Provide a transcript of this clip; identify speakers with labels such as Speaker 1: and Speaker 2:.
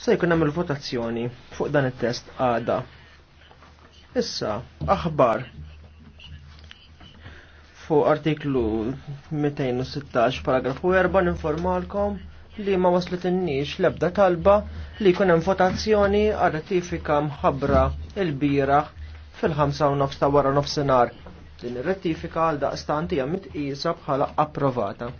Speaker 1: Se jkun hemm il-votazzjoni fuq dan it-test għada. Issa, aħbar fuq artiklu 216 paragrafu 4 informalkom li ma waslet l lebda talba li jkun hemm votazzjoni għal ratifika mħabbra il biraħ fil-5 nofs ta' wara nofsenar. Din ir-rettifika għal daqstant hija isa bħala approvata.